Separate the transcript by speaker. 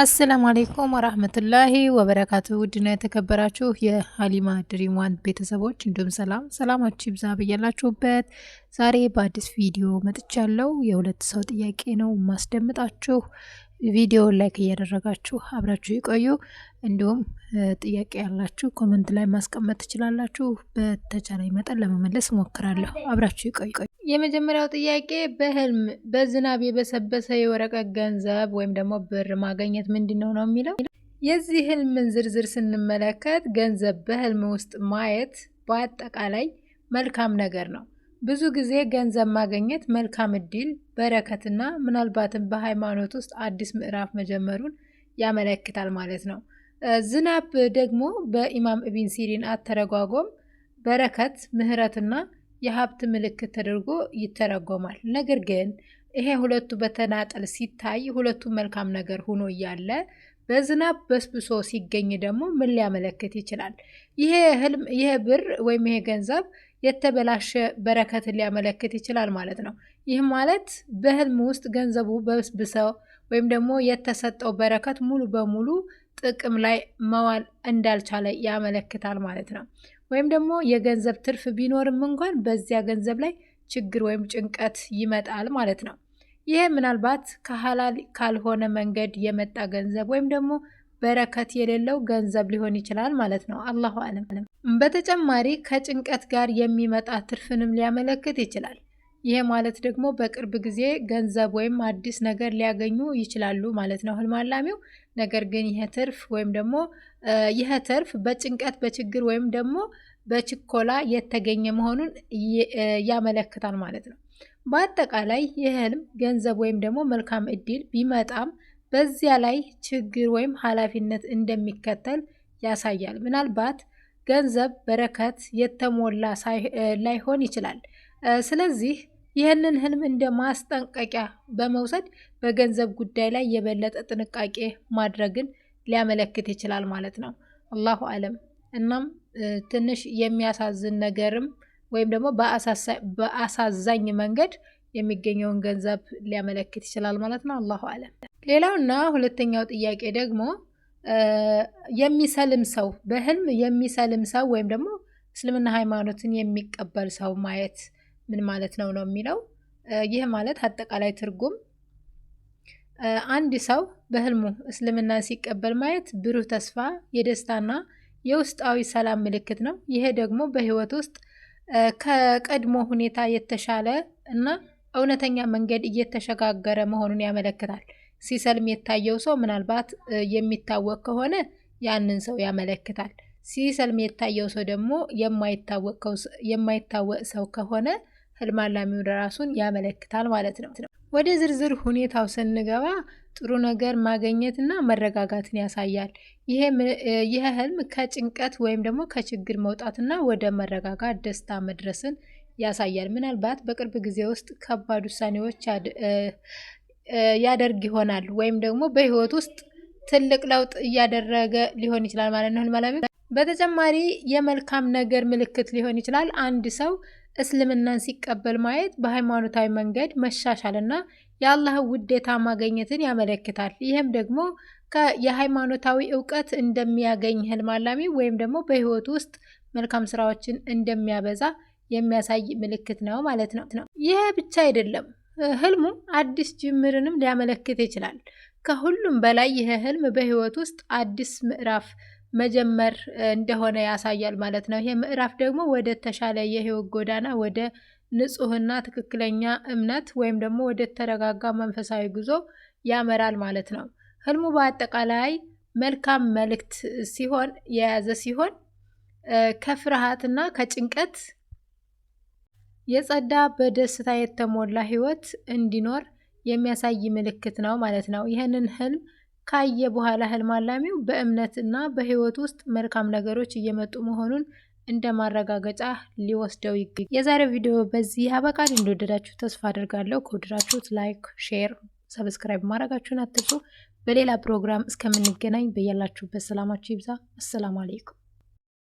Speaker 1: አሰላሙ አሌይኩም ወራህመቱላሂ ወበረካቱ። ውድና የተከበራችሁ የሀሊማ ድሪሟን ቤተሰቦች እንዲሁም ሰላም ሰላማችሁ ይብዛ ብያላችሁበት። ዛሬ በአዲስ ቪዲዮ መጥቻለሁ። የሁለት ሰው ጥያቄ ነው ማስደምጣችሁ ቪዲዮውን ላይክ እያደረጋችሁ አብራችሁ ይቆዩ። እንዲሁም ጥያቄ ያላችሁ ኮመንት ላይ ማስቀመጥ ትችላላችሁ። በተቻለኝ መጠን ለመመለስ እሞክራለሁ። አብራችሁ ይቆዩ። የመጀመሪያው ጥያቄ በህልም በዝናብ የበሰበሰ የወረቀት ገንዘብ ወይም ደግሞ ብር ማገኘት ምንድን ነው ነው የሚለው የዚህ ህልምን ዝርዝር ስንመለከት ገንዘብ በህልም ውስጥ ማየት በአጠቃላይ መልካም ነገር ነው። ብዙ ጊዜ ገንዘብ ማግኘት መልካም እድል በረከትና ምናልባትም በሃይማኖት ውስጥ አዲስ ምዕራፍ መጀመሩን ያመለክታል ማለት ነው። ዝናብ ደግሞ በኢማም እቢን ሲሪን አተረጓጎም በረከት፣ ምህረትና የሀብት ምልክት ተደርጎ ይተረጎማል። ነገር ግን ይሄ ሁለቱ በተናጠል ሲታይ ሁለቱ መልካም ነገር ሆኖ እያለ በዝናብ በስብሶ ሲገኝ ደግሞ ምን ሊያመለክት ይችላል? ይሄ ብር ወይም ይሄ ገንዘብ የተበላሸ በረከትን ሊያመለክት ይችላል ማለት ነው። ይህ ማለት በህልም ውስጥ ገንዘቡ በብስብሰው ወይም ደግሞ የተሰጠው በረከት ሙሉ በሙሉ ጥቅም ላይ መዋል እንዳልቻለ ያመለክታል ማለት ነው። ወይም ደግሞ የገንዘብ ትርፍ ቢኖርም እንኳን በዚያ ገንዘብ ላይ ችግር ወይም ጭንቀት ይመጣል ማለት ነው። ይህ ምናልባት ከሀላል ካልሆነ መንገድ የመጣ ገንዘብ ወይም ደግሞ በረከት የሌለው ገንዘብ ሊሆን ይችላል ማለት ነው። አላሁ አለም። በተጨማሪ ከጭንቀት ጋር የሚመጣ ትርፍንም ሊያመለክት ይችላል። ይሄ ማለት ደግሞ በቅርብ ጊዜ ገንዘብ ወይም አዲስ ነገር ሊያገኙ ይችላሉ ማለት ነው ህልም አላሚው። ነገር ግን ይሄ ትርፍ ወይም ደግሞ ይሄ ትርፍ በጭንቀት በችግር ወይም ደግሞ በችኮላ የተገኘ መሆኑን ያመለክታል ማለት ነው። በአጠቃላይ ይህ ህልም ገንዘብ ወይም ደግሞ መልካም እድል ቢመጣም በዚያ ላይ ችግር ወይም ኃላፊነት እንደሚከተል ያሳያል። ምናልባት ገንዘብ በረከት የተሞላ ላይሆን ይችላል። ስለዚህ ይህንን ህልም እንደ ማስጠንቀቂያ በመውሰድ በገንዘብ ጉዳይ ላይ የበለጠ ጥንቃቄ ማድረግን ሊያመለክት ይችላል ማለት ነው። አላሁ አለም። እናም ትንሽ የሚያሳዝን ነገርም ወይም ደግሞ በአሳዛኝ መንገድ የሚገኘውን ገንዘብ ሊያመለክት ይችላል ማለት ነው። አላሁ አለም። ሌላውና ሁለተኛው ጥያቄ ደግሞ የሚሰልም ሰው በህልም የሚሰልም ሰው ወይም ደግሞ እስልምና ሃይማኖትን የሚቀበል ሰው ማየት ምን ማለት ነው ነው የሚለው ይህ ማለት አጠቃላይ ትርጉም አንድ ሰው በህልሙ እስልምና ሲቀበል ማየት ብሩህ ተስፋ፣ የደስታና የውስጣዊ ሰላም ምልክት ነው። ይሄ ደግሞ በህይወት ውስጥ ከቀድሞ ሁኔታ የተሻለ እና እውነተኛ መንገድ እየተሸጋገረ መሆኑን ያመለክታል። ሲሰልም የታየው ሰው ምናልባት የሚታወቅ ከሆነ ያንን ሰው ያመለክታል። ሲሰልም የታየው ሰው ደግሞ የማይታወቅ ሰው ከሆነ ህልም አላሚው ራሱን ያመለክታል ማለት ነው። ወደ ዝርዝር ሁኔታው ስንገባ ጥሩ ነገር ማግኘትና መረጋጋትን ያሳያል። ይህ ህልም ከጭንቀት ወይም ደግሞ ከችግር መውጣትና ወደ መረጋጋት ደስታ መድረስን ያሳያል። ምናልባት በቅርብ ጊዜ ውስጥ ከባድ ውሳኔዎች ያደርግ ይሆናል ወይም ደግሞ በህይወት ውስጥ ትልቅ ለውጥ እያደረገ ሊሆን ይችላል ማለት ነው። ህልማላሚ በተጨማሪ የመልካም ነገር ምልክት ሊሆን ይችላል። አንድ ሰው እስልምናን ሲቀበል ማየት በሃይማኖታዊ መንገድ መሻሻልና የአላህ ውዴታ ማገኘትን ያመለክታል። ይህም ደግሞ የሃይማኖታዊ እውቀት እንደሚያገኝ ህልማላሚ ወይም ደግሞ በህይወቱ ውስጥ መልካም ስራዎችን እንደሚያበዛ የሚያሳይ ምልክት ነው ማለት ነው። ይህ ብቻ አይደለም። ህልሙ አዲስ ጅምርንም ሊያመለክት ይችላል። ከሁሉም በላይ ይህ ህልም በህይወት ውስጥ አዲስ ምዕራፍ መጀመር እንደሆነ ያሳያል ማለት ነው። ይሄ ምዕራፍ ደግሞ ወደ ተሻለ የህይወት ጎዳና፣ ወደ ንጹህና ትክክለኛ እምነት ወይም ደግሞ ወደ ተረጋጋ መንፈሳዊ ጉዞ ያመራል ማለት ነው። ህልሙ በአጠቃላይ መልካም መልእክት ሲሆን የያዘ ሲሆን ከፍርሃትና ከጭንቀት የጸዳ በደስታ የተሞላ ህይወት እንዲኖር የሚያሳይ ምልክት ነው ማለት ነው። ይህንን ህልም ካየ በኋላ ህልም አላሚው በእምነት እና በህይወት ውስጥ መልካም ነገሮች እየመጡ መሆኑን እንደ ማረጋገጫ ሊወስደው ይገኛል። የዛሬው ቪዲዮ በዚህ ያበቃል። እንደወደዳችሁ ተስፋ አድርጋለሁ። ከወደዳችሁት ላይክ፣ ሼር፣ ሰብስክራይብ ማድረጋችሁን አትርሱ። በሌላ ፕሮግራም እስከምንገናኝ በያላችሁበት ሰላማችሁ ይብዛ። አሰላሙ አሌይኩም።